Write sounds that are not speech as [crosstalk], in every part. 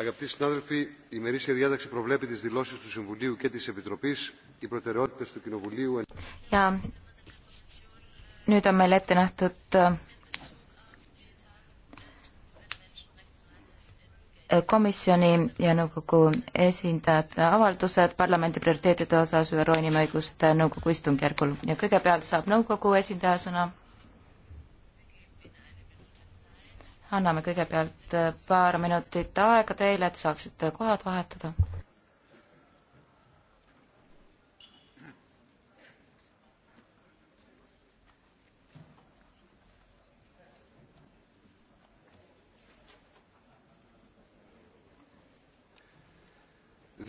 Αγαπητοί συνάδελφοι, η ημερήσια διάταξη προβλέπει τις δηλώσεις του Συμβουλίου και της Επιτροπής, οι προτεραιότητες του Κοινοβουλίου... Ja nüüd on meil ette nähtud komisjoni ja nõukogu esindajate avaldused parlamendi prioriteetide osas ÜRO inimõiguste nõukogu istungjärgul ja kõigepealt saab nõukogu esindaja sõna anname kõigepealt äh, paar minutit aega teile, et saaksite kohad vahetada.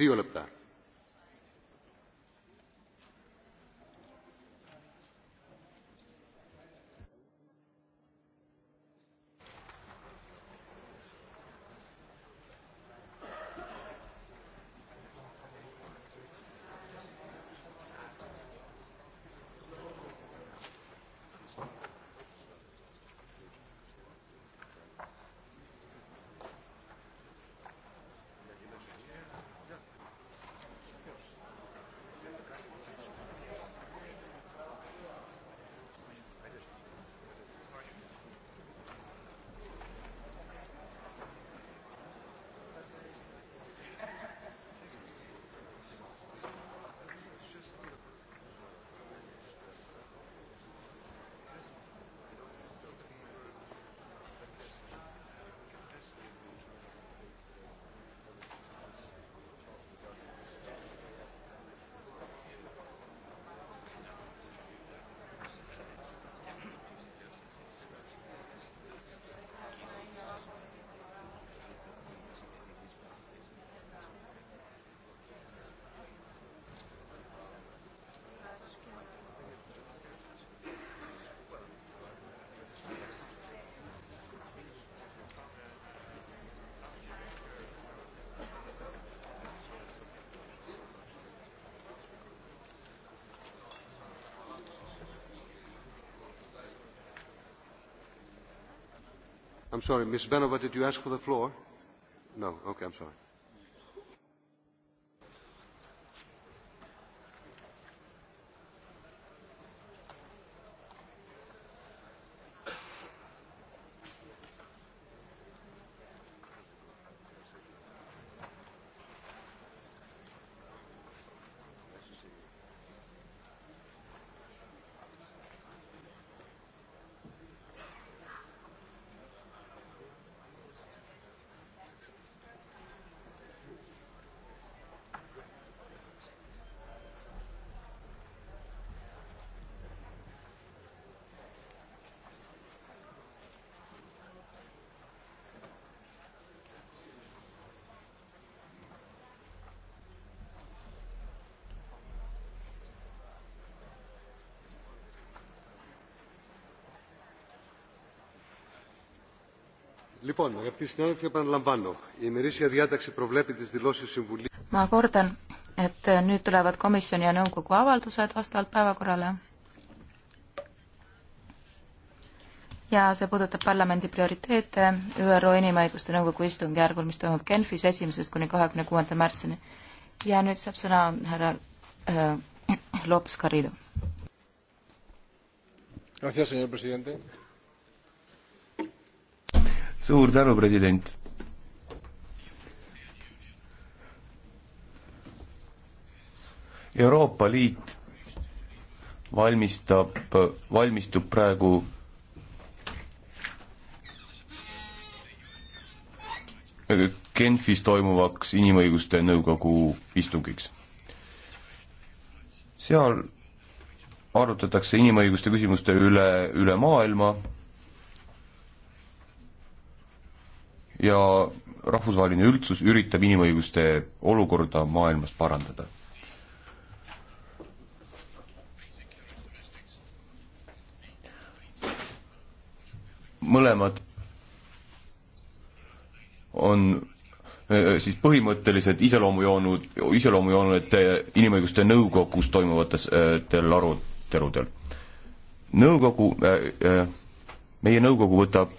Δύο λεπτά. I'm sorry, Ms. Benova, did you ask for the floor? No, okay, I'm sorry. Λοιπόν, αγαπητοί συνάδελφοι, επαναλαμβάνω. Η ημερήσια διάταξη προβλέπει τις δηλώσεις Συμβουλίου. Ma kordan, et äh, nüüd tulevad komisjoni ja nõukogu avaldused vastavalt päevakorrale. Ja see puudutab parlamendi prioriteete ÜRO inimõiguste nõukogu istungjärgul, mis toimub Genfis 1. kuni 26. märtsini. Ja nüüd saab sõna härra äh, [clears throat] Lopes Garrido. Gracias, señor presidente suur tänu, president. Euroopa Liit valmistab, valmistub praegu Genfis toimuvaks inimõiguste nõukogu istungiks. seal arutatakse inimõiguste küsimuste üle, üle maailma ja rahvusvaheline üldsus üritab inimõiguste olukorda maailmas parandada. mõlemad on äh, äh, siis põhimõtteliselt iseloomujoonud, iseloomujoonud inimõiguste nõukogus toimuvatel aruteludel. nõukogu, äh, meie nõukogu võtab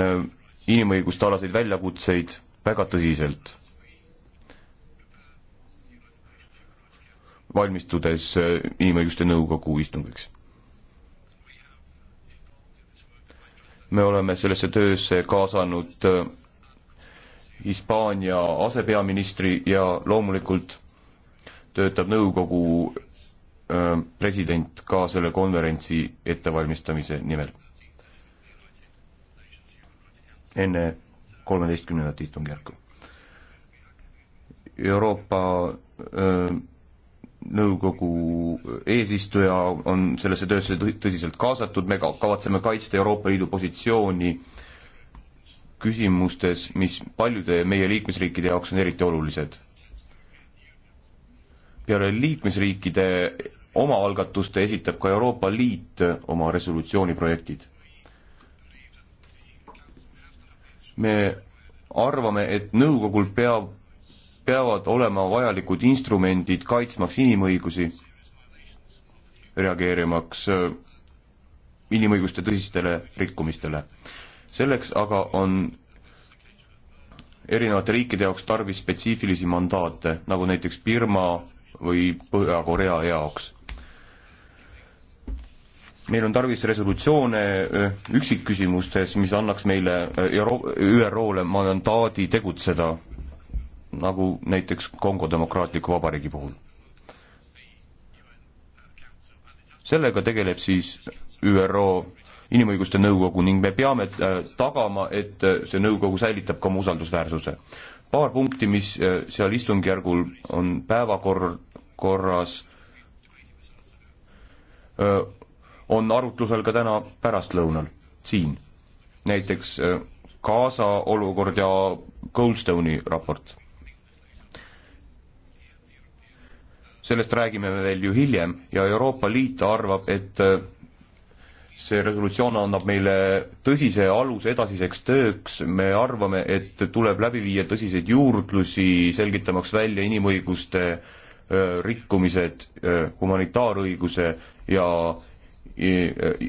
Äh, inimõiguste alaseid väljakutseid väga tõsiselt. valmistudes äh, Inimõiguste Nõukogu istungiks. me oleme sellesse töösse kaasanud äh, Hispaania asepeaministri ja loomulikult töötab nõukogu president ka selle konverentsi ettevalmistamise nimel enne kolmeteistkümnendat istungjärku. Euroopa öö, nõukogu eesistuja on sellesse töösse tõsiselt kaasatud, me kavatseme kaitsta Euroopa Liidu positsiooni küsimustes, mis paljude meie liikmesriikide jaoks on eriti olulised. peale liikmesriikide omaalgatuste esitab ka Euroopa Liit oma resolutsiooni projektid me arvame, et nõukogul peab, peavad olema vajalikud instrumendid kaitsmaks inimõigusi, reageerimaks äh, inimõiguste tõsistele rikkumistele. selleks aga on erinevate riikide jaoks tarvis spetsiifilisi mandaate, nagu näiteks Birma või Põhja-Korea jaoks meil on tarvis resolutsioone äh, üksikküsimustes, mis annaks meile äh, Euro-, ÜRO-le mandaadi tegutseda, nagu näiteks Kongo Demokraatliku Vabariigi puhul. sellega tegeleb siis ÜRO Inimõiguste Nõukogu ning me peame äh, tagama, et see nõukogu säilitab ka oma usaldusväärsuse. paar punkti, mis seal istungjärgul on päevakorras, korras on arutlusel ka täna pärastlõunal siin. näiteks äh, Gaza olukord ja Goldstone'i raport. sellest räägime me veel ju hiljem ja Euroopa Liit arvab, et äh, see resolutsioon annab meile tõsise aluse edasiseks tööks, me arvame, et tuleb läbi viia tõsiseid juurdlusi, selgitamaks välja inimõiguste äh, rikkumised, humanitaarõiguse ja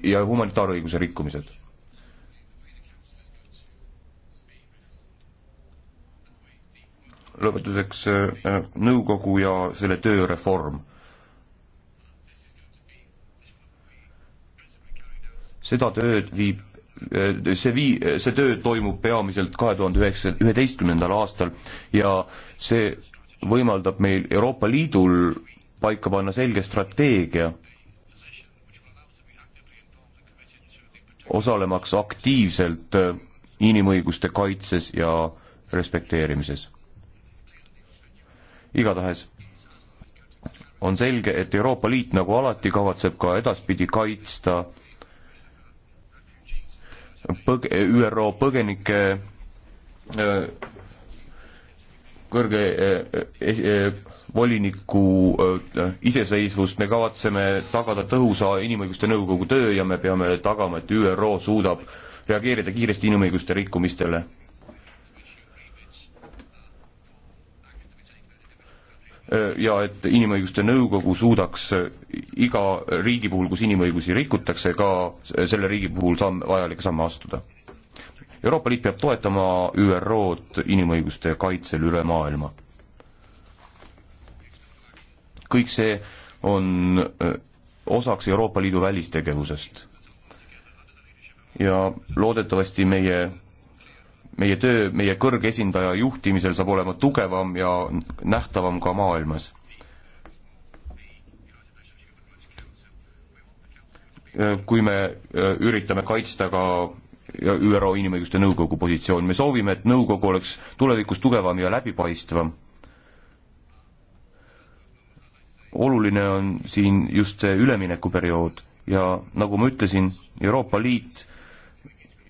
ja humanitaarõiguse rikkumised. lõpetuseks äh, nõukogu ja selle töö reform. seda tööd viib, äh, see vii-, see töö toimub peamiselt kahe tuhande üheksa, üheteistkümnendal aastal ja see võimaldab meil Euroopa Liidul paika panna selge strateegia osalemaks aktiivselt äh, inimõiguste kaitses ja respekteerimises. igatahes on selge, et Euroopa Liit nagu alati kavatseb ka edaspidi kaitsta põg-, ÜRO põgenike äh, kõrge äh, voliniku iseseisvust, me kavatseme tagada tõhusa Inimõiguste Nõukogu töö ja me peame tagama, et ÜRO suudab reageerida kiiresti inimõiguste rikkumistele. ja et Inimõiguste Nõukogu suudaks iga riigi puhul, kus inimõigusi rikutakse, ka selle riigi puhul samm, vajalikke samme astuda. Euroopa Liit peab toetama ÜRO-d inimõiguste kaitsel üle maailma kõik see on äh, osaks Euroopa Liidu välistegevusest. ja loodetavasti meie, meie töö meie kõrgesindaja juhtimisel saab olema tugevam ja nähtavam ka maailmas. Äh, kui me äh, üritame kaitsta ka ÜRO Inimõiguste Nõukogu positsioon, me soovime, et nõukogu oleks tulevikus tugevam ja läbipaistvam oluline on siin just see üleminekuperiood ja nagu ma ütlesin, Euroopa Liit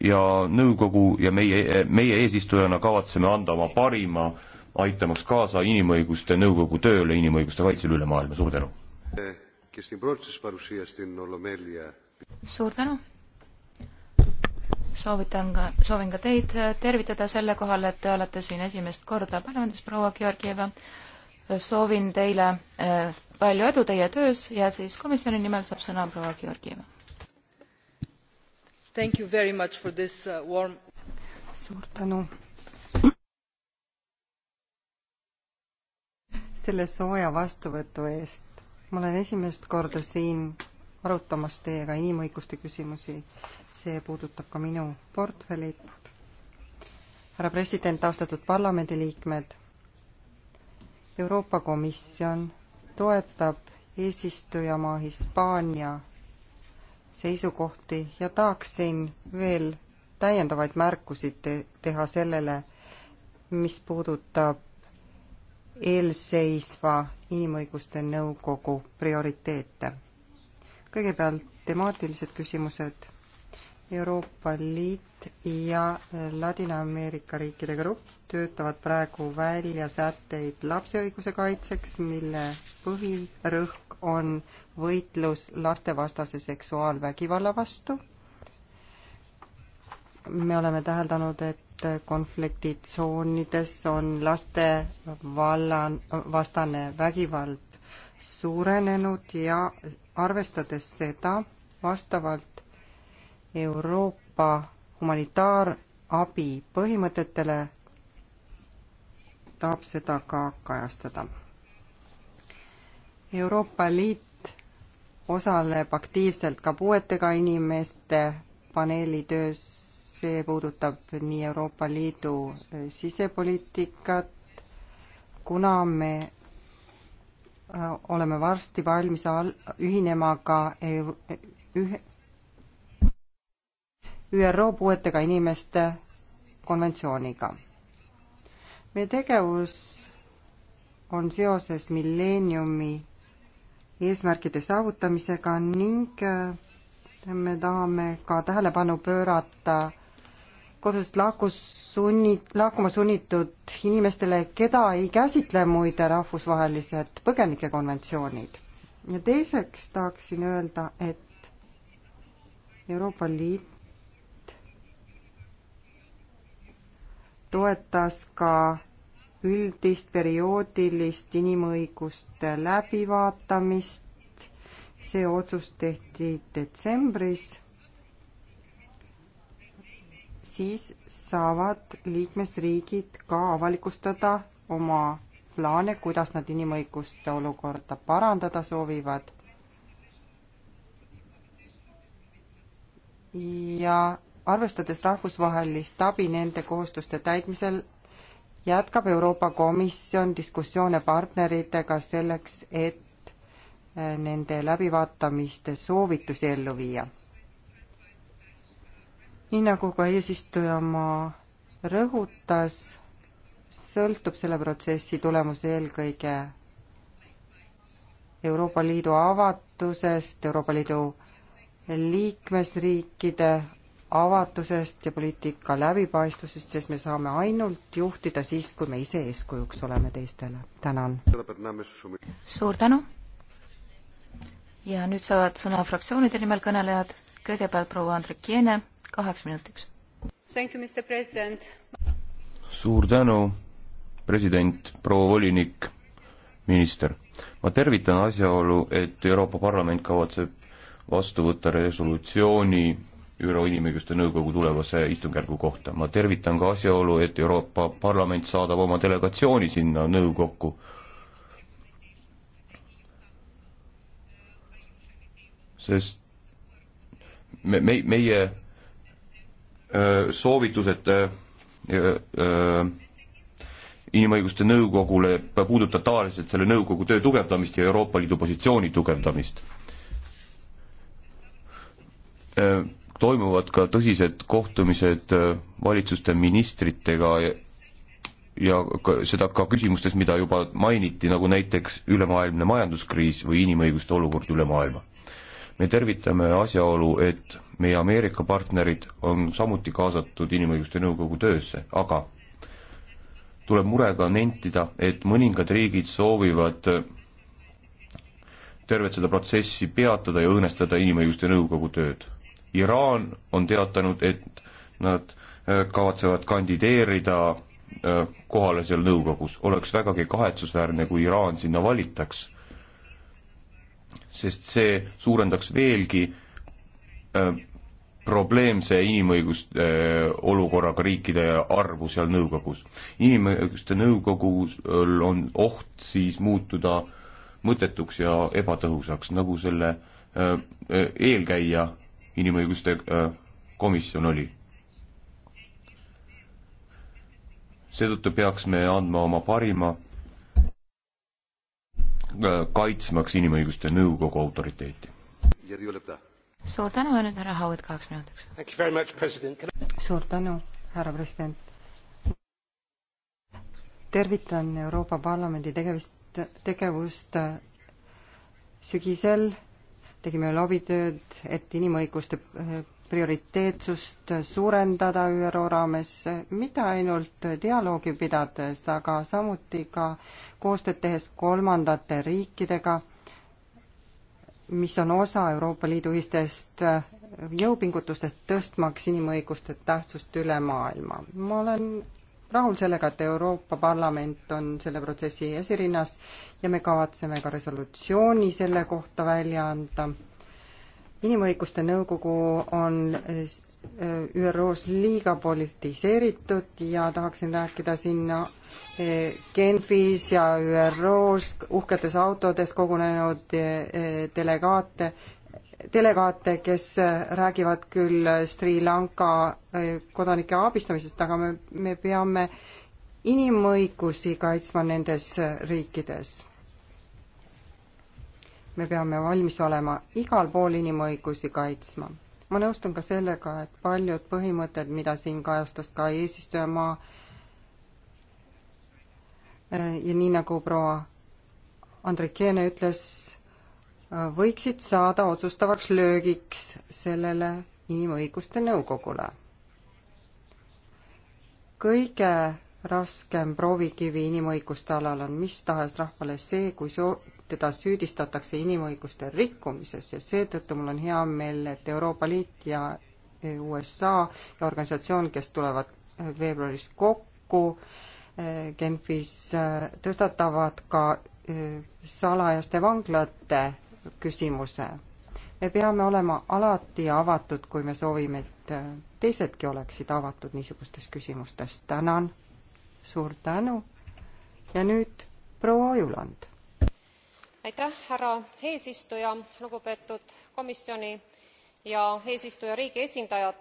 ja nõukogu ja meie, meie eesistujana kavatseme anda oma parima, aitamaks kaasa inimõiguste nõukogu tööle inimõiguste kaitsel üle maailma, suur tänu! suur tänu! soovitan ka, soovin ka teid tervitada selle kohal, et te olete siin esimest korda parlamendis, proua Georgieva. soovin teile eh, palju edu teie töös ja siis komisjoni nimel saab sõna proua Georgieva. Uh, warm... suur tänu selle sooja vastuvõtu eest. ma olen esimest korda siin arutamas teiega inimõiguste küsimusi. see puudutab ka minu portfellit. härra president, austatud parlamendiliikmed, Euroopa Komisjon toetab eesistujamaa Hispaania seisukohti ja tahaksin veel täiendavaid märkusi te teha sellele, mis puudutab eelseisva Inimõiguste Nõukogu prioriteete. kõigepealt temaatilised küsimused, Euroopa Liit ja Ladina-Ameerika riikide grupp töötavad praegu välja sätteid lapse õiguse kaitseks, mille põhirõhk on võitlus lastevastase seksuaalvägivalla vastu. me oleme täheldanud, et konfliktitsoonides on laste valla, vastane vägivald suurenenud ja arvestades seda, vastavalt Euroopa humanitaarabi põhimõtetele, tahab seda ka kajastada. Euroopa Liit osaleb aktiivselt ka puuetega inimeste paneeli töös, see puudutab nii Euroopa Liidu sisepoliitikat, kuna me äh, oleme varsti valmis al-, ühinema ka ühe, ÜRO puuetega inimeste konventsiooniga. meie tegevus on seoses milleeniumi eesmärkide saavutamisega ning äh, me tahame ka tähelepanu pöörata kodust lahkus sunni, lahkuma sunnitud inimestele, keda ei käsitle muide rahvusvahelised põgenikekonventsioonid. ja teiseks tahaksin öelda, et Euroopa Liit toetas ka üldist perioodilist inimõiguste läbivaatamist. see otsus tehti detsembris. siis saavad liikmesriigid ka avalikustada oma plaane, kuidas nad inimõiguste olukorda parandada soovivad. ja arvestades rahvusvahelist abi nende kohustuste täitmisel, jätkab Euroopa Komisjon diskussioone partneritega selleks, et äh, nende läbivaatamiste soovitusi ellu viia. nii nagu ka eesistuja oma rõhutas, sõltub selle protsessi tulemus eelkõige Euroopa Liidu avatusest, Euroopa Liidu liikmesriikide avatusest ja poliitika läbipaistvusest, sest me saame ainult juhtida siis, kui me ise eeskujuks oleme teistele. tänan. suur tänu. ja nüüd saavad sõna fraktsioonide nimel kõnelejad. kõigepealt proua Andrekiene, kaheks minutiks. suur tänu, president, proua volinik, minister. ma tervitan asjaolu, et Euroopa Parlament kavatseb vastu võtta resolutsiooni ÜRO Inimõiguste Nõukogu tulevase istungjärgu kohta. ma tervitan ka asjaolu, et Euroopa Parlament saadab oma delegatsiooni sinna nõukokku. sest me, me, meie öö, soovitused öö, öö, inimõiguste nõukogule puudutab tavaliselt selle nõukogu töö tugevdamist ja Euroopa Liidu positsiooni tugevdamist öö toimuvad ka tõsised kohtumised äh, valitsuste ministritega ja, ja ka, seda ka küsimustes, mida juba mainiti, nagu näiteks ülemaailmne majanduskriis või inimõiguste olukord üle maailma. me tervitame asjaolu, et meie Ameerika partnerid on samuti kaasatud Inimõiguste Nõukogu töösse, aga tuleb murega nentida, et mõningad riigid soovivad äh, tervet seda protsessi peatada ja õõnestada Inimõiguste Nõukogu tööd Iraan on teatanud, et nad äh, kavatsevad kandideerida äh, kohale seal nõukogus. oleks vägagi kahetsusväärne, kui Iraan sinna valitaks, sest see suurendaks veelgi äh, probleemse inimõiguste olukorraga riikide arvu seal nõukogus. inimõiguste nõukogus on oht siis muutuda mõttetuks ja ebatõhusaks, nagu selle eelkäija inimõiguste äh, komisjon oli. seetõttu peaks me andma oma parima, äh, kaitsmaks inimõiguste nõukogu autoriteeti. suur tänu ja nüüd härra Howard kaheks minutiks. suur tänu, härra president. tervitan Euroopa Parlamendi tegevist, tegevust äh, sügisel tegime lobitööd, et inimõiguste eh, prioriteetsust suurendada ÜRO raames, mitte ainult dialoogi pidades, aga samuti ka koostööd tehes kolmandate riikidega, mis on osa Euroopa Liidu ühistest eh, jõupingutustest, tõstmaks inimõiguste tähtsust üle maailma. ma olen rahul sellega, et Euroopa Parlament on selle protsessi esirinnas ja me kavatseme ka resolutsiooni selle kohta välja anda. inimõiguste nõukogu on eh, ÜRO-s liiga politiseeritud ja tahaksin rääkida sinna eh, Genfis ja ÜRO-s uhketes autodes kogunenud eh, delegaate delegaate, kes räägivad küll Sri Lanka äh, kodanike abistamisest, aga me, me peame inimõigusi kaitsma nendes riikides. me peame valmis olema igal pool inimõigusi kaitsma. ma nõustun ka sellega, et paljud põhimõtted, mida siin kajastas ka eesistujamaa äh, ja nii nagu proua Andrikene ütles, võiksid saada otsustavaks löögiks sellele inimõiguste nõukogule. kõige raskem proovikivi inimõiguste alal on mis tahes rahvale see, kui soo-, teda süüdistatakse inimõiguste rikkumises ja seetõttu mul on hea meel, et Euroopa Liit ja USA ja organisatsioon, kes tulevad veebruaris kokku eh, Genfis, eh, tõstatavad ka eh, salajaste vanglate küsimuse. me peame olema alati avatud, kui me soovime, et teisedki oleksid avatud niisugustes küsimustes. tänan, suur tänu ja nüüd proua Ojuland. aitäh, härra eesistuja, lugupeetud komisjoni ja eesistujariigi esindajad.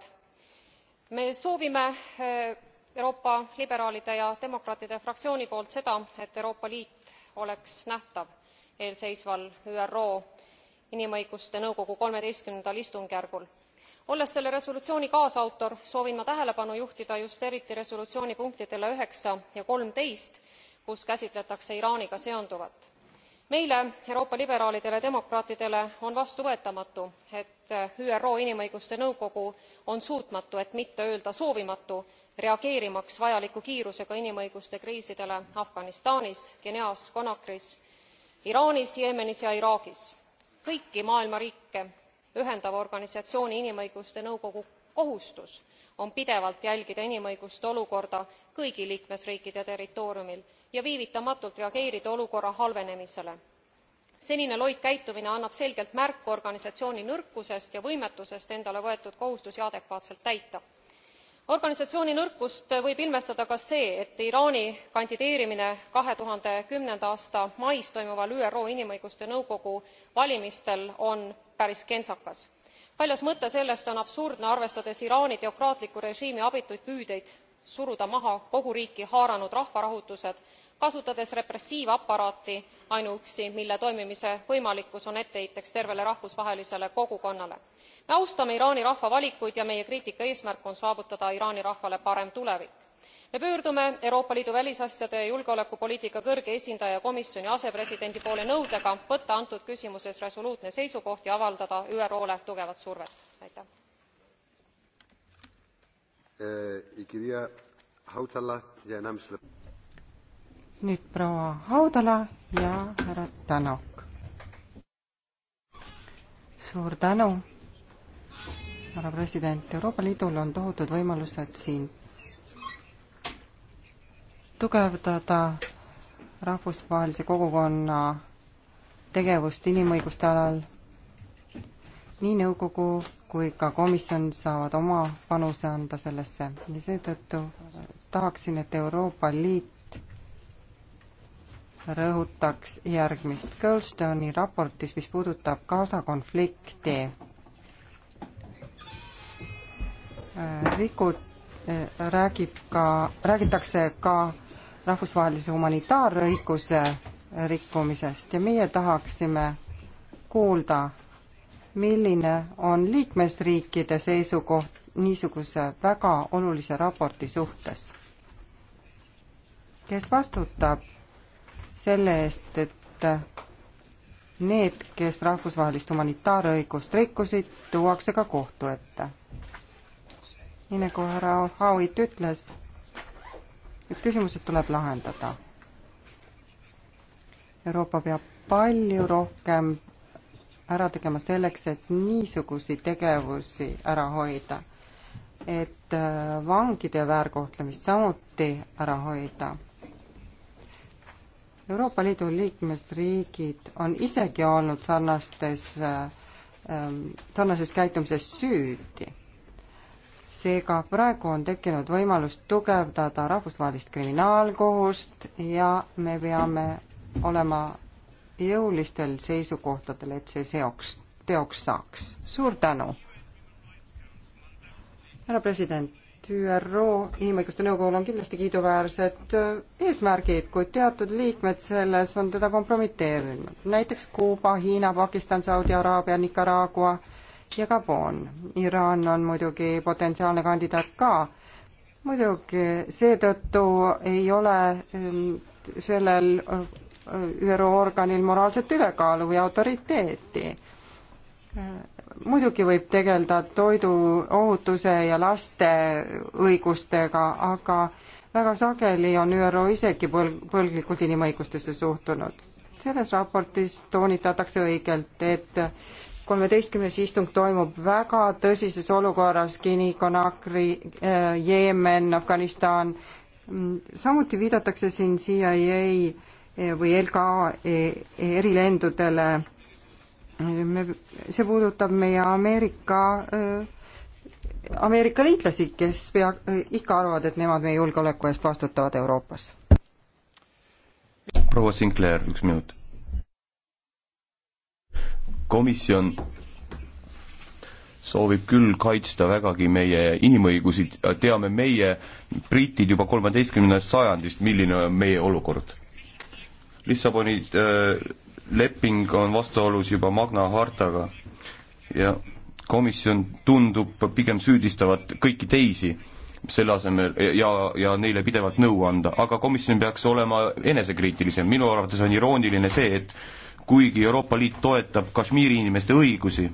me soovime eh, euroopa liberaalide ja demokraatide fraktsiooni poolt seda et euroopa liit oleks nähtav eelseisval üro inimõiguste nõukogu 13 istungjärgul. olles selle resolutsiooni kaasautor soovin ma tähelepanu juhtida just eriti resolutsiooni punktidele 9 ja 13 kus käsitletakse iraaniga seonduvat. meile euroopa liberaalidele ja demokraatidele on vastuvõetamatu et üro inimõiguste nõukogu on suutmatu et mitte öelda soovimatu reageerimaks vajaliku kiirusega inimõiguste kriisidele afganistanis guineas conakry's iraanis jeemenis ja iraagis kõiki maailma riike ühendava organisatsiooni inimõiguste nõukogu kohustus on pidevalt jälgida inimõiguste olukorda kõigi liikmesriikide territooriumil ja viivitamatult reageerida olukorra halvenemisele. senine loid käitumine annab selgelt märku organisatsiooni nõrkusest ja võimetusest endale võetud kohustusi adekvaatselt täita organisatsiooni nõrkust võib ilmestada ka see et iraani kandideerimine 1 aasta mais toimuval üro inimõiguste nõukogu valimistel on päris kentsakas. väljas mõte sellest on absurdne arvestades iraani teokraatliku režiimi abituid püüdeid suruda maha kogu riiki haaranud rahvarahutused kasutades repressiivaparaati ainuüksi mille toimimise võimalikkus on etteheiteks tervele rahvusvahelisele kogukonnale. me austame iraani rahva valikuid ja meie kriitika eesmärk on saavutada iraani rahvale parem tulevik. me pöördume euroopa liidu välisasjade ja julgeolekupoliitika kõrge esindaja ja komisjoni asepresidendi poole nõudega võtta antud küsimuses resoluutne seisukoht ja avaldada ürole tugevat survet. Aitäh! Äh, nüüd proua Haudala ja härra Tänok. suur tänu, härra president, Euroopa Liidul on tohutud võimalused siin tugevdada rahvusvahelise kogukonna tegevust inimõiguste alal. nii nõukogu kui ka komisjon saavad oma panuse anda sellesse ja seetõttu tahaksin, et Euroopa Liit rõhutaks järgmist. Goldstone'i raportis, mis puudutab Gaza konflikti, äh, rikud, äh, räägib ka, räägitakse ka rahvusvahelise humanitaarõiguse rikkumisest ja meie tahaksime kuulda, milline on liikmesriikide seisukoht niisuguse väga olulise raporti suhtes. kes vastutab selle eest, et need, kes rahvusvahelist humanitaarõigust rikkusid, tuuakse ka kohtu ette. nii nagu härra Howitt ütles, need küsimused tuleb lahendada. Euroopa peab palju rohkem ära tegema selleks, et niisuguseid tegevusi ära hoida, et vangide väärkohtlemist samuti ära hoida Euroopa Liidu liikmesriigid on isegi olnud sarnastes, ähm, sarnases käitumises süüdi. seega praegu on tekkinud võimalus tugevdada rahvusvahelist kriminaalkohust ja me peame olema jõulistel seisukohtadel, et see seoks, teoks saaks. suur tänu! härra president, et ÜRO Inimõiguste Nõukogul on kindlasti kiiduväärsed äh, eesmärgid, kuid teatud liikmed selles on teda kompromiteerinud. näiteks Kuuba, Hiina, Pakistan, Saudi Araabia, Nicaragua ja Gabon. Iraan on muidugi potentsiaalne kandidaat ka. muidugi seetõttu ei ole ähm, sellel äh, ÜRO organil moraalset ülekaalu või autoriteeti äh, muidugi võib tegeleda toiduohutuse ja laste õigustega, aga väga sageli on ÜRO isegi põl-, põlglikult inimõigustesse suhtunud. selles raportis toonitatakse õigelt, et kolmeteistkümnes istung toimub väga tõsises olukorras, Guinea, Conakry, äh, Jeemen, Afganistan, samuti viidatakse siin CIA äh, või LKA e, e, erilendudele me, see puudutab meie Ameerika äh, Ameerika liitlasi, kes pea, äh, ikka arvavad, et nemad meie julgeoleku eest vastutavad Euroopas. proua Sinclair, üks minut. komisjon soovib küll kaitsta vägagi meie inimõigusi, teame meie, britid juba kolmeteistkümnendast sajandist, milline on meie olukord. Lissaboni äh, leping on vastuolus juba Magna hartaga ja komisjon tundub pigem süüdistavat kõiki teisi selle asemel ja, ja neile pidevalt nõu anda, aga komisjon peaks olema enesekriitilisem, minu arvates on irooniline see, et kuigi Euroopa Liit toetab Kashmiri inimeste õigusi,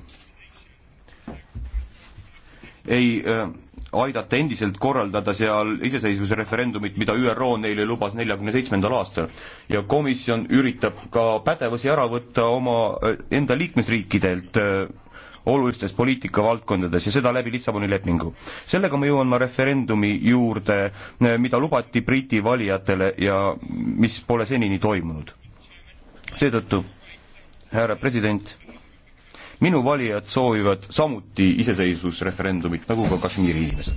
ei äh, aidata endiselt korraldada seal iseseisvuse referendumit, mida ÜRO neile lubas neljakümne seitsmendal aastal. ja komisjon üritab ka pädevusi ära võtta oma äh, enda liikmesriikidelt äh, olulistes poliitikavaldkondades ja seda läbi Lissaboni lepingu. sellega ma jõuan ma referendumi juurde, mida lubati Briti valijatele ja mis pole senini toimunud. seetõttu, härra president minu valijad soovivad samuti iseseisvusreferendumit, nagu ka Kashmiri inimesed.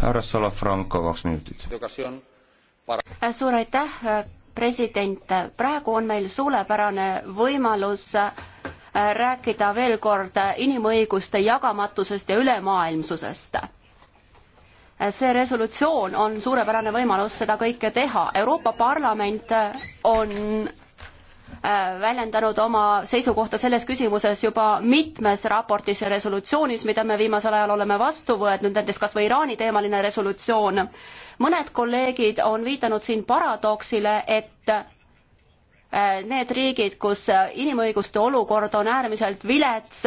härra Salafranco, kaks minutit. suur aitäh, president, praegu on meil suurepärane võimalus äh, rääkida veel kord inimõiguste jagamatusest ja ülemaailmsusest. Äh, see resolutsioon on suurepärane võimalus seda kõike teha. Euroopa Parlament äh, on Äh, väljendanud oma seisukohta selles küsimuses juba mitmes raportis ja resolutsioonis, mida me viimasel ajal oleme vastu võetud, näiteks kas või Iraani teemaline resolutsioon. mõned kolleegid on viidanud siin paradoksile, et äh, need riigid, kus äh, inimõiguste olukord on äärmiselt vilets,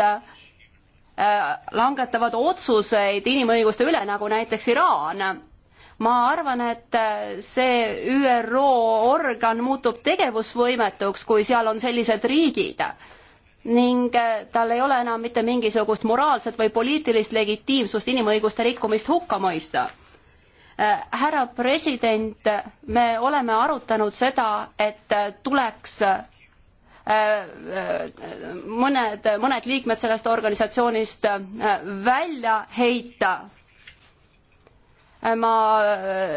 langetavad otsuseid inimõiguste üle, nagu näiteks Iraan ma arvan, et äh, see ÜRO organ muutub tegevusvõimetuks, kui seal on sellised riigid ning äh, tal ei ole enam mitte mingisugust moraalset või poliitilist legitiimsust inimõiguste rikkumist hukka mõista. Äh, härra president, me oleme arutanud seda, et tuleks mõned, mõned liikmed sellest organisatsioonist välja heita ma,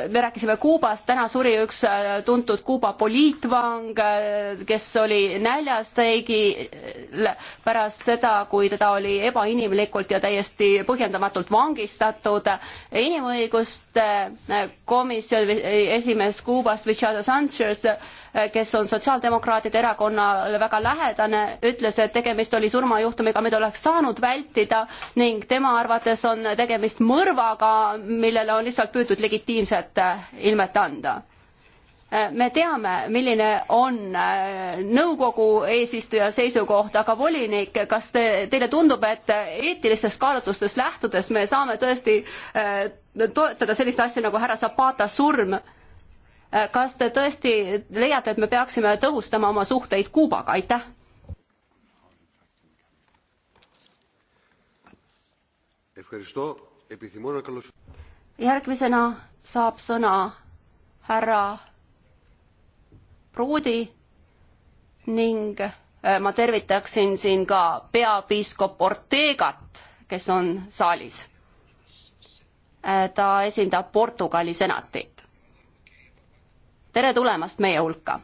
me rääkisime Kuubast, täna suri üks äh, tuntud Kuuba poliitvang, äh, kes oli näljastreigil pärast seda, kui teda oli ebainimlikult ja täiesti põhjendamatult vangistatud. inimõiguste äh, komisjoni esimees Kuubast, Vichada Sanchez, kes on Sotsiaaldemokraatide erakonnale väga lähedane, ütles, et tegemist oli surmajuhtumiga, mida oleks saanud vältida ning tema arvates on tegemist mõrvaga, millele on lihtsalt lihtsalt püütud legitiimset äh, ilmet anda äh, me teame, milline on äh, nõukogu eesistuja seisukoht, aga volinik, kas te, teile tundub, et eetilistest kaalutlustest lähtudes me saame tõesti toetada sellist asja nagu härra Zapata surm? kas te tõesti leiate, et me peaksime tõhustama oma suhteid Kuubaga, aitäh? järgmisena saab sõna härra Pruudi ning äh, ma tervitaksin siin ka peapiiskop Ortegat, kes on saalis. Äh, ta esindab Portugali senatit. tere tulemast meie hulka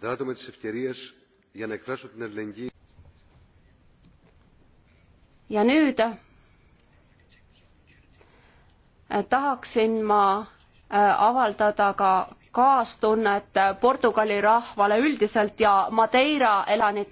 δράτω με τις ευκαιρίες για να εκφράσω την αλληλεγγύη ja nüüd äh, tahaksin ma äh, avaldada ka kaastunnet Portugali rahvale üldiselt ja Madeira elanikele.